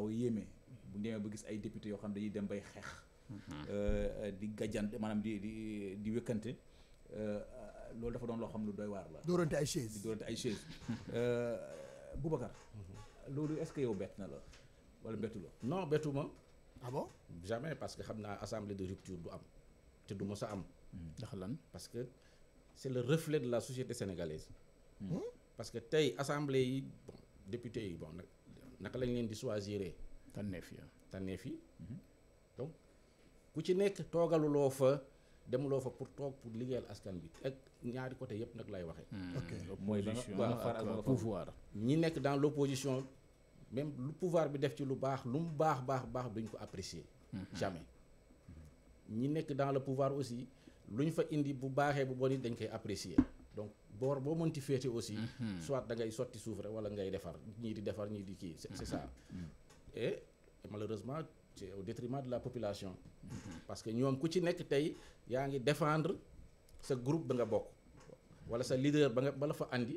xaw a yéeme bu ñu demee ba gis ay député yoo xam dañuy dem bay xeex euh, euh, di gajjante maanaam di di di wékkante euh, loolu dafa doon loo xam lu doy waar la dóorante ay chaise di loolu est-ce que yow bett na la wala bettu la non bettu ma ah jamais parce que xam naa assemblée de rupture du am te du ma sa am ndax lan parce que c'est le reflet de la société sénégalaise hmm? parce que tey assemblée yi bon député yi bon naka lañ leen di choisiré tànneef yi tànneef mhm. yi donc ku ci nekk toogaluloo fa demuloo fa pour toog pour liggéeyal askan bi ak ñaari côté yëpp nag lay waxee hmm. mooy waaw pouvoir ñi nekk dans l' opposition même lu pouvoir bi def ci lu baax lu mu baax baax baax duñ ko apprécier mhm. jamais mhm. ñi nekk dans le pouvoir aussi lu ñu fa indi bu baaxee bu bon it dañ koy apprécier donc boor boo mënti féete aussi. Mhm. soit dangay sotti suuf rek wala ngay defar ñii di defar ñii di kii c'est ça. Mhm. Mhm. et malheureusement c'est au détriment de la population. parce que ñoom ku ci nekk tey yaa ngi defendre sa groupe ba nga bokk. wala sa leader ba nga ba fa andi.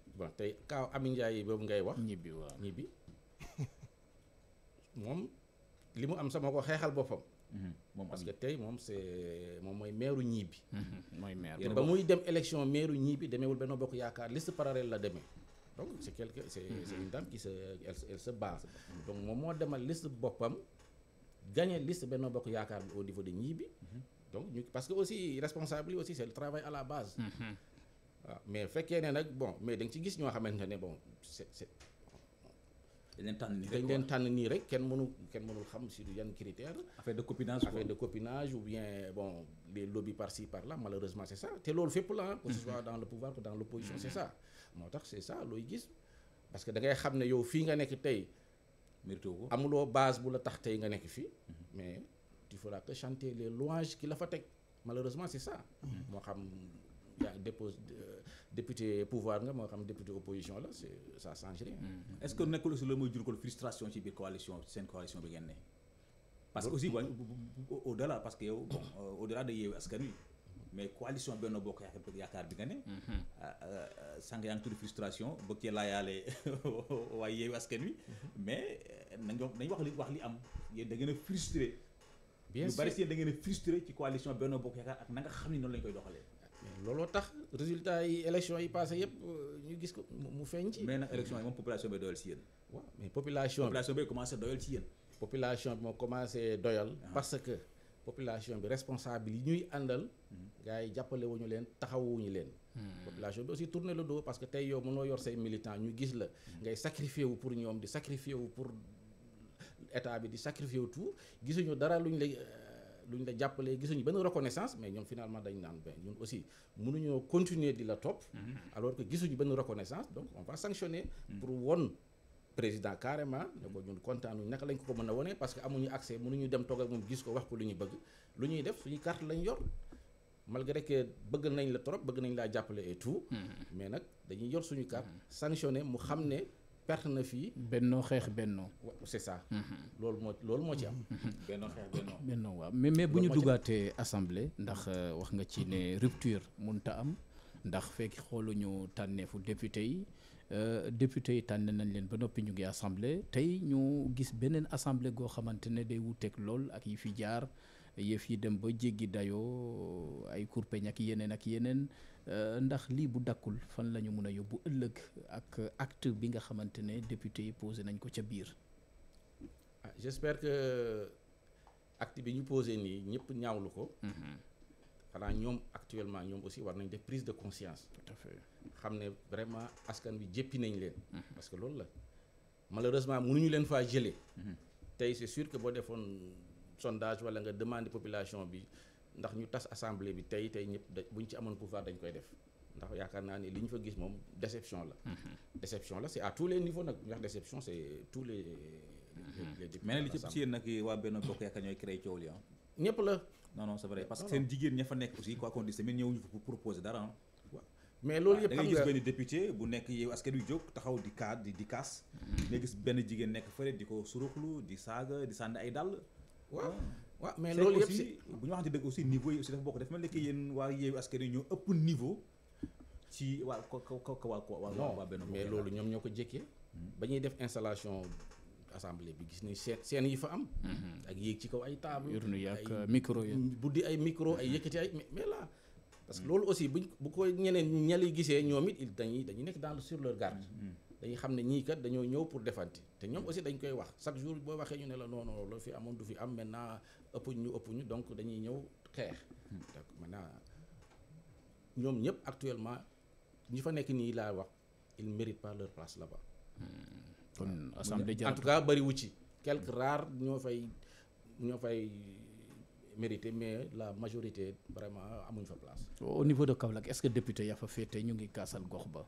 bon tey kaaw Ami Ndiaye yi boobu ngay wax. ñibbi waaw ñibbi moom li mu am sama moo ko xeexal boppam. Mhm, moom parce que tey moom c'est moom mooy meeru ñibbi. Mhm, mooy maire ba muy dem élection meeru ñibbi demeewul Benno Bokk Yaakaar liste parallèle la demee. donc c'est quelque c'est mhm. c'est une donc moom moo demal liste boppam gagné liste Benno Bokk Yaakaar bi au niveau de ñibbi. ñu parce que aussi responsable yi aussi c'est le à la base. waaw mais fekkee ne nag bon mais danga ci gis ñoo xamante ne bon c'est c'est dañ nii rek dañ leen tànn nii rek kenn mënu kenn mënul xam si du yan critère. affaire de copinage affaire de copinage ou bien bon les lobbies par ci par là malheureusement c'est ça te loolu fépp la que mm-hmm. soit dans le pouvoir ou dans l'opposition c'est moo tax c'est ça looy gis parce que da ngay xam ne yow fii nga nekk tey. mérité amuloo base bu la tax tey nga nekk fii. Mm-hmm. mais il faudra que les louanges ki fa teg malheureusement c'est ça. Mm-hmm. moo xam yaa dépose euh, député pouvoir nga moo xam député opposition la c'est ça change rien. Mm. est-ce que nekkul aussi loolu mooy jur ko frustration ci biir coalition seen coalition bi ngeen ne. parce que aussi waa au delà parce que yow bon euh, au delà de Yewwi Askan Wi mais coalition Benno Bokk Yaakaar bi nga ne. Mm-hmm. Ah, euh, sànq yaa ngi tudd frustration bëgg cee laayaale waaye Yewwi Askan Wi mm-hmm. mais euh, nañu wax li wax li am yéen da ngeen a frustré. bien sûr ñu bari si yéen da ngeen a ci coalition Benno Bokk Yaakaar xam ne noonu lañu koy doxalee. mais looloo tax résultat yi élection yi passé yëpp euh, ñu gis ko mu feeñ ci. mais nag élection yi moom population bi doyal si yéen. waaw mais population. population bi commencé doyal ci yéen. population bi moo commencé doyal. Ah. parce que population bi responsable yi ñuy àndal. Hmm. gars yi jàppale wuñu leen taxawuñu leen. Hmm. population bi aussi tourner le dos parce que tey yow mënoo yor say militant ñu gis la. Hmm. ngay sacrifier wu pour ñoom di sacrifier wu pour état bi di sacrifier wu tout gisuñu dara luñ lay. lu ñu la jàppalee gisuñu benn reconnaissance mais ñoom finalement dañ naan ben ñun aussi mënuñoo continuer di la topp mm-hmm. alors que gisuñu benn reconnaissance donc on va sanctionner mm. pour won président carrément ne ko ñun kontaanuñ naka lañ ko ko mën a wonee parce que amuñu accès mënuñu dem toog ak moom gis ko wax ko lu ñu bëgg lu ñuy def suñu carte lañ yor malgré que bëgg nañ la trop bëgg nañ laa jàppale et mm-hmm. mais nag dañuy yor suñu carte mm-hmm. sanctionné mu xam ne perte na fii. bennoo xeex bennoo. c'est ça. Mhm. loolu moo loolu moo ci am. Mhm. Mhm. bennoo xeex bennoo. bennoo waaw mais mais bu ñu dugaatee assemblée ndax euh, wax nga ci ne rupture munta am ndax fekk xooluñu tànneefu député yi euh, député yi tànne nañ leen ba noppi ñu ngi assemblée tey ñu gis beneen assemblée goo xamante ne day wuuteeg lool ak yi fi jaar. yëf yi dem ba jéggi dayoo ay kurpeñ ak yeneen ak yeneen euh, ndax lii bu dakkul fan la ñu mun a yóbbu ëllëg ak acte bi nga xamante ne député yi posé nañ ko ca biir. ah que acte bi ñu posé nii ñëpp ñaawlu ko. Mhm. xanaa ñoom actuellement ñoom aussi war nañ def prise de conscience. tout xam ne vraiment askan bi jéppi nañ leen. Mhm. parce que loolu la malheureusement mënuñu leen faa jëlee. Mhm. tey c'est sûr que boo defoon. sondage wala nga demande population bi ndax ñu tas assemblée bi tey tey ñëpp da bu ñu ci amoon pouvoir dañ koy def ndax yaakaar naa ni li ñu fa gis moom déception la. Mm-hmm. déception la c'est à tous les niveaux nag ndax déception c'est tous les. les mm-hmm. députés mais li ci ci yéen nag waa benn bokk ah. la. non parce que jigéen ña fa nekk aussi quoi qu'on dise tamit ñëwuñu fa ah. mais loolu yëpp xam nga da ngay gis benn député bu nekk yow taxaw di kaas di di kaas. Mm-hmm. nga benn jigéen nekk fële di ko suruxlu di saaga di sànni ay dàll. waaw ah. waaw mais loolu yëpp si bu ñu waxante dëgg aussi niveau yi aussi dafa bokk dafa mel ni que yéen waa yeewu askan yi ñoo ëpp niveau ci waa ko ko ko waa waa benn mais loolu ñoom ñoo ko jékkee hmm. ba ñuy def installation assemblée bi gis nañ seen seen yi fa am hmm. ak yéeg ci kaw ay table urne yi ak micro mm, bu di ay micro ay hmm. yëkkati ay mais là parce que loolu aussi buñ bu ko ñeneen ñali gisee ñoom it dañuy dañuy nekk dans sur leur garde dañuy xam ne ñii kat dañoo ñëw pour defanti te ñoom aussi dañ koy wax chaque jour boo waxee ñu ne la non non loolu fi amoon du fi am maintenant ëpp ñu ëpp ñu donc dañuy ñëw xeex. donc maintenant ñoom ñëpp actuellement ñu fa nekk nii laa wax ils méritent par leur place la ba hmm. kon assemblée en tout cas bëri ci. quelques rares ñoo fay ñoo fay mérité mais la majorité vraiment amuñ fa place. au niveau de Kaolack est-ce que député yaa fa féete ñu ngi kaasal gox ba.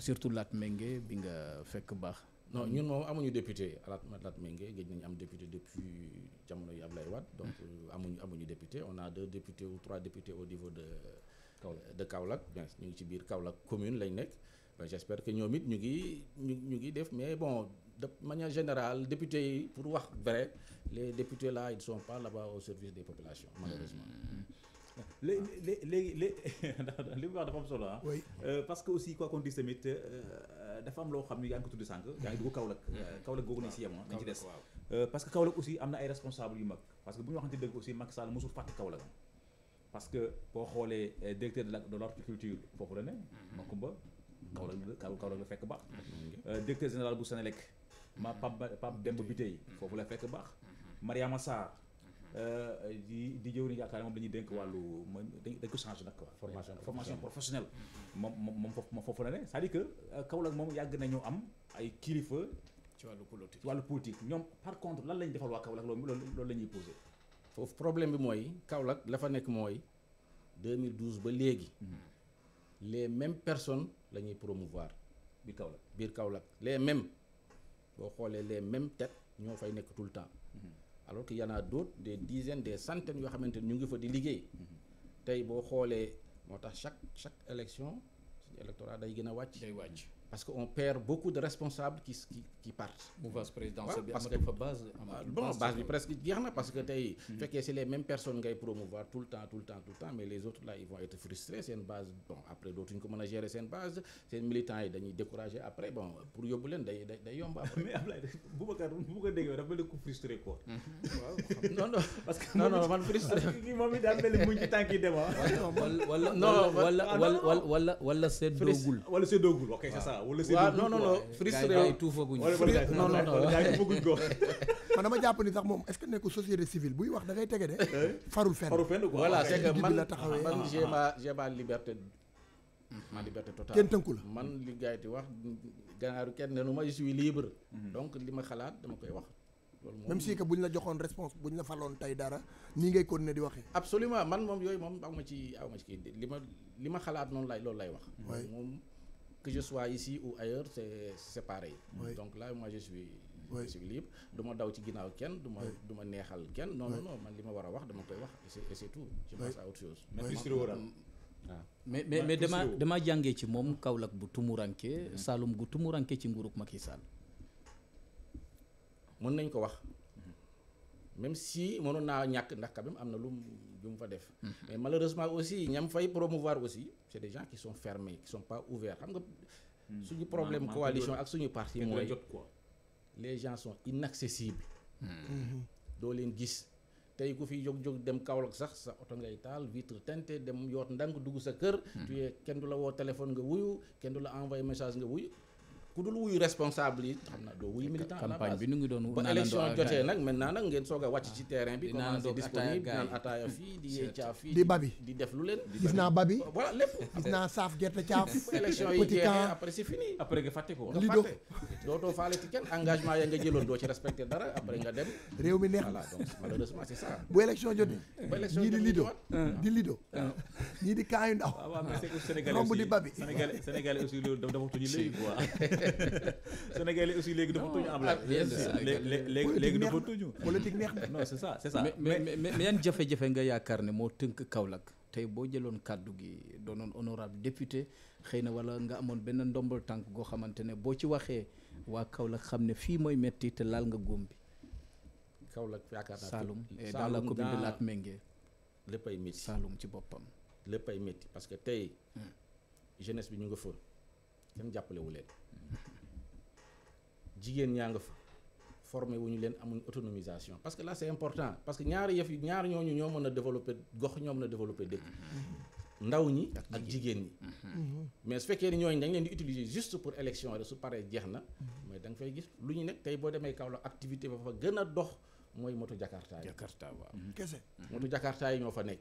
surtout Latmingué bi nga fekk baax. non ñun moom amuñu député Lat Latmingué géej nañu am député depuis jamono yi Ablaye Wade. donc hmm. euh, amuñu amuñu député on a deux député ou trois députés au niveau de. Kaolack de Kaolack ñu ngi ci biir Kaolack commune lañ nekk. j' espère que ñoom it ñu ngi ñu ñu ngi def mais bon de manière générale député yi pour wax vrai les députés là ils sont pas là-bas au service des population malheureusement. Hmm. léegi léegi léegi li mu wax dafa am solo ah. euh, parce que aussi quoi qu'on dise tamit euh, euh, dafa am loo xam ni yaa ngi ko tudd sànq. yaa ngi dugg Kaolack. Mm. Kaolack googu nañ si yem ah, nañ ci des. parce que Kaolack aussi am na ay responsables yu mag parce que bu ñu waxante dëgg aussi Macky Sall mosul fàtte Kaolack. parce que boo xoolee directeur de la de l'horticulture foofu la ne. Mm-hmm. Makumba Kaolack la Kaolack la fekk baax. Mm-hmm. directeur général bu Sénélec. ma Pape Pape Demba Biteye mm-hmm. foofu la fekk baax. Mariama Sarr. di jëwriñ yaakaar moom dañuy dénk wàllu mooy dañ ko changé nag quoi formation formation professionnelle moom moom moom foofu moom foofu la ne c'est-à-dire que euh, Kaolack moom yàgg nañoo am ay kilifa ci wàllu politique ci wàllu politique ñoom par contre lan lañ defal waa Kaolack loolu loolu la ñuy posé foofu problème bi mooy Kaolack la fa nekk mooy 2012 ba léegi mhm. les mêmes personnes la ñuy promouvoir biir Kaolack biir Kaolack les mêmes boo xoolee les mêmes têtes ñoo fay nekk tout le temps mhm. alors que y en a d'autres des dizaines yoo xamante ni ñu ngi fa di liggéey mm-hmm. tey boo xoolee moo tax chaque chaque élection suñu électorat day gën a wàcc. day wàcc parce qu'on perd beaucoup de responsables qui qui fa base. bon bi presque jeex na parce que tey. fekkee c'est les mêmes personnes ngay promouvoir tout le temps tout le temps mais les autres là ils vont être frustrés seen base bon après dootuñu ko mën gérer seen base seen militants yi dañuy décourager après bon pour yóbbu leen day day day yomb après. mais Ablaye Boubacar bu ma ko déggee dafa mel ni ku frustré quoi. waaw non non. parce que non non man frustré. parce que moom it daa mel ni mu ngi ci tànk quoi wala seen. waaw non non non frustré gars yi tuufaguñu. non non non gars yi tuufaguñu ko. man dama jàpp ni sax moom est-ce que nekkul société civile buy wax da ngay tege de. Eh? farul fenn farul fenn quoi. voilà c'est que man man ah. j'ai ma j'ai ma liberté. ma liberté totale kenn tënku la. man li gars yi di wax gannaaru kenn nenu ma je suis libre. Mhm. donc li ma xalaat dama koy wax. même si que buñ la joxoon réponse buñ la faloon tey dara nii ngay continuer di waxee. absolument man moom yooyu moom aw ma ci aw ma ci kii li ma li ma xalaat noonu lay loolu lay wax. moom. que je sois ici ou ailleurs c'est c'est donc la moi je suis je suis daw ci ginnaaw kenn du ma du ma neexal kenn non non man li ma war a wax dama koy wax et c'est tout je passe à autre chose mais mm. ah. mais mais damaa jànge ci moom Kaolack bu tumuranke mm-hmm. saalum gu tumuranke ci nguurug Macky Sall mën nañ ko wax même si mënoon naa ñàkk ndax quand même am na lu mu fa def. Mhm. mais malheureusement aussi ñam fay promouvoir aussi c' est des gens qui son fermés qui sont pas ouverts xam nga. Hmm. suñu problème coalition ak suñu parti mooy les gens sont inaccessibles. Hmm. Hmm. doo leen gis tey ku fi jóg jóg dem Kaolack sax sa oto ngay taal vitre te dem yoot ndànk dugg sa kër. tu kenn du la woo téléphone nga wuyu kenn du la envoyé message nga wuyu. ku dul wuyu responsable yi xam na bi nu ngi doon ba élection jotee nag maintenant nag ngeen soog a wàcc ci terrain bi commencé disponible naan ataaya fii di yeecaa def lu leen gis naa babi voilà lépp gis naa saaf gerte caaf élection yi jeexee après c'est fini après nga fàtte ko ya nga jëloon doo ci respecté dara après nga dem réew mi neex voilà donc malheureusement c'est ça bu élection jotee bu élection ñii di lido ah. di lido ah. di kaayu ndaw ah, waaw mais aussi loolu dafa tuñu léegi quoi Sénégalais aussi léegi dafa tuñu am ah, la léegi léegi dafa tuñu politique neex na non c'est ça c'est ça mais mais yan nga yaakaar ne moo tënk Kaolack tey boo jëloon kàddu gi doonoon honorable xëy na wala nga amoon benn ndombal tànk goo xamante ne boo ci waxee waa Kaolack xam ne fii mooy metti te laal nga góom bi Kaolack yaakaar naa Saloum eh, dans la commune de Latmingué léppay métti Saloum ci boppam lépp ay métti parce que tey hmm. jeunesse bi ñu nga fa kenn jàppalewu leen jigéen ñaa nga fa forme wu ñu leen amuñ autonomisation parce que là c'est important parce que ñaari yëf yi ñoo ñu ñoo mën a développer gox ñoo mën a développer dëkk ndaw ñi ak jigéen ñi mhm. mais su fekkee ni ñooñu dañ leen di utiliser juste pour élection rek su paree jeex na mais danga fay gis lu ñu nekk tey boo demee Kaolack activité ba fa gën a dox mooy moto Jakarta yi Jakarta waaw mhm. kese mhm. moto Jakarta yi ñoo fa nekk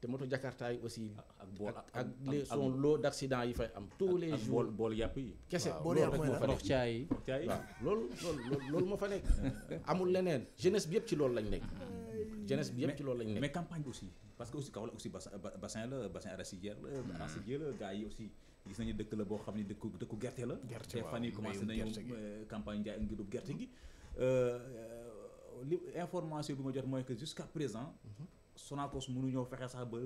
te moto jakarta yi aussi. ak bool ak ak les loo lot d' yi fay am. tous les jours ak bool yàpp yi. kese loolu rek moo fa nekk caay loolu moo fa nekk. amul leneen jeunesse bi yëpp ci loolu lañu nekk. jeunesse bi yëpp ci loolu lañ nekk mais campagne bi aussi. que aussi Kaolack aussi bassin la bassin hmm. arachidier la yi aussi gis nañu dëkk la boo xam ne dëkku dëkku gerte la. gerte te fan yii commencé nañu campagne jaay ngiru gerte gi. Euh, hmm. euh, euh, li information bi ma jot mooy que jusqu' à présent. Hmm. Sonacos mënuñoo fexe sax ba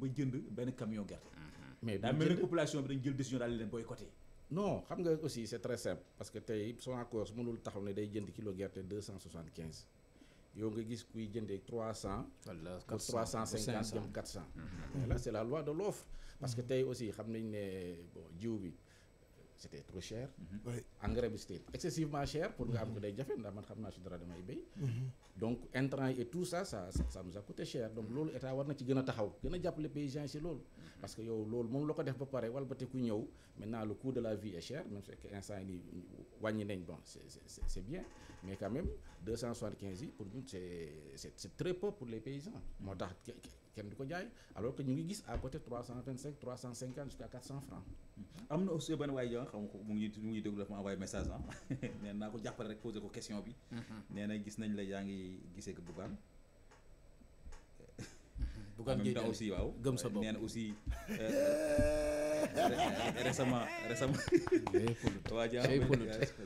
ba jënd benn camion gerte. Mhm. mais daa mel ne population bi dañ jël décision daal di leen boycotter. non xam nga aussi c'est très simple parce que tey Sonacos mënul taxaw ne day jënd kilo gerte deux cent soixante quinze. yow nga gis kuy jëndee trois cent. wala quatre cent trois cent cinquante jëm mhm. c'est la loi de l'offre. parce que mhm. tey aussi xam nañ ne bon jiw bi. c' était trop cher. Mhm. engrais bi c' excessivement cher pour nga am ko mhm. day jafe ndax man xam naa si dara damay béy. Mhm. donc intrant yi et tout ça ça ça nous a coûté cher donc loolu état war na ci gën a taxaw gën a jàppale paysans yi si loolu. parce que yow loolu moom la ko def ba pare wala te ku ñëw maintenant le coût de la vie e cher même si instant yi wàññi nañ bon c' est bien mais quand même pour ñun c' est c' est pour les paysans. moo tax kenn du ko jaay alors que ñu ngi gis à côté 325 350 jusqu'à 400 francs. am na aussi benn waay xam mu ngi mu ngi déglu dafa ma envoyé message ah nee naa ko jàppale rek posé ko question bi. Mhm. nee na gis nañ la yaa ngi gisee ko Bougane Gueye Dany aussi waaw gëm sa bopp nee na aussi. récemment récemment. waa jaa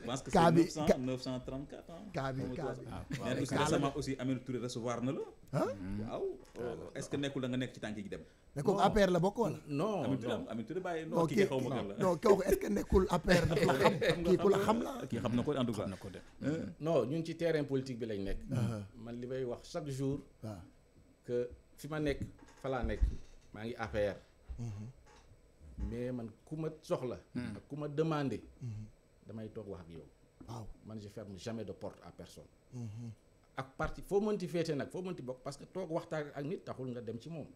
pense que c'est 900 934 ah. nee aussi récemment aussi Aminata Touré recevoir na la. waaw oh, est-ce que nekkul da nga nekk ci tànk yi dem. mais kooku APR la bokk wala. non non Aminata Touré bàyyi non kii xaw ma kan la. non kooku est-ce que nekkul APR daf la xam kii ku la xam la. kii xam na ko en tout cas. xam na ko de. Eh? non ñun ci terrain politique bi lañ nekk. man li may wax chaque jour. que. fi ma nekk fa laa nekk maa ngi affaire mais man ku ma soxla. Hmm. ak ku ma demander hmm. damay toog wax ak yow. waaw man je ferme jamais de porte à personne. Hmm. ak parti foo mënti féete nag foo mënti bokk parce que toog waxtaan ak nit taxul nga dem ci moom.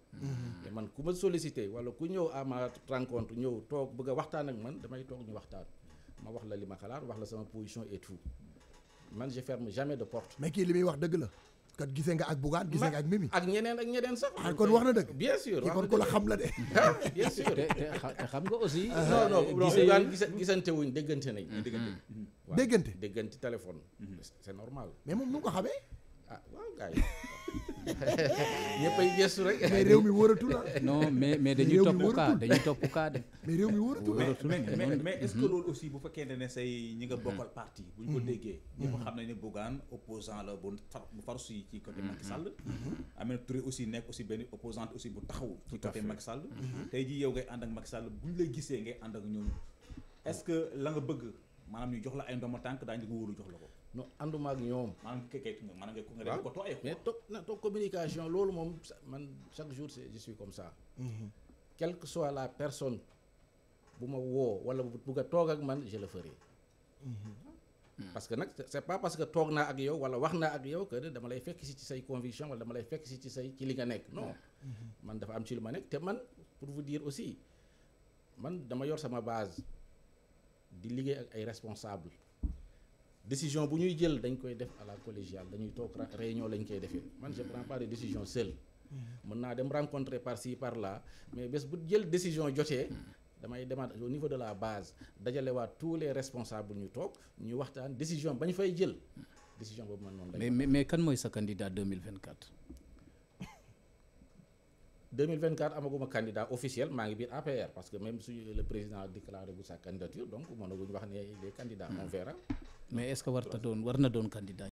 man ku ma sollicité wala ku ñëw à ma rencontre ñëw toog bëgg waxtaan ak man damay toog ñu waxtaan ma wax la li ma xalaat wax la sama position et tout man je ferme jamais de porte. mais kii li may wax dëgg la. kon gisee nga ak Bougane gisee nga ak Mimi. ak ñeneen ak ñeneen sax. Ah, kon wax na dëgg. bien sûr kon ku la xam la de. Ah, te xam nga aussi. Ah, non non euh, Bougane gisante wuñ déggante nañ. Mm-hmm. déggante déggante téléphone. Mm-hmm. c'est normal. mais moom nu ko xamee. ah waaw gars ñëpp ay gëstu rek. mais réew mi wóoratu la. non mais mais dañuy topp kaa dañuy topp kaa de. mais réew mi wóoratu la mais mais est ce que loolu aussi bu fekkente ne say ñi nga bokkal parti. bu ñu ko mm-hmm. déggee. ñëpp mm-hmm. xam nañ ne Bougane opposant la bu far bu faru ci côté Macky Sall. Mm-hmm. Aminata Touré aussi nekk aussi benn opposante aussi bu taxaw. ci côté Macky Sall. tey jii yow ngay ànd ak Macky Sall bu ñu lay gisee ngay ànd ak ñoom est ce que la nga bëgg maanaam ñu jox la ay ma tànk daa ko wóolu jox la ko. no ànduma ak ñoom. maanaam man nga ko nga ko too ay. toog na loolu moom man chaque jour je suis comme ça. Mm-hmm. quelle la personne bu ma woo wala bu bugg toog ak man je le ferai. Mm-hmm. parce que nag c'est pas parce que toog naa ak yow wala wax naa ak yow que dama lay fekk si ci say conviction wala dama lay fekk si ci say ci li nga nekk no mm-hmm. man dafa am ci lu ma nekk te man pour vous dire aussi man dama yor sama base di liggéey ak ay responsable décision bu ñuy jël dañ koy def à la collégiale dañuy toog réunion lañ koy defee man je prends pas décision seul mm-hmm. mën naa dem rencontrer par ci par la mais bés bu jël décision jotee damay demaat au niveau de la base dajalewaat tous les responsables ñu toog ñu waxtaan décision ba ñu fay jël décision boobu man noonu. mais mais mais kan mooy sa candidat 2024 amaguma candidat officiel maa ngi biir APR parce que même su le président déclaré bu sa candidature donc mënaguñ wax ne les candidats hmm. mais est-ce que war ta doon war na doon candidat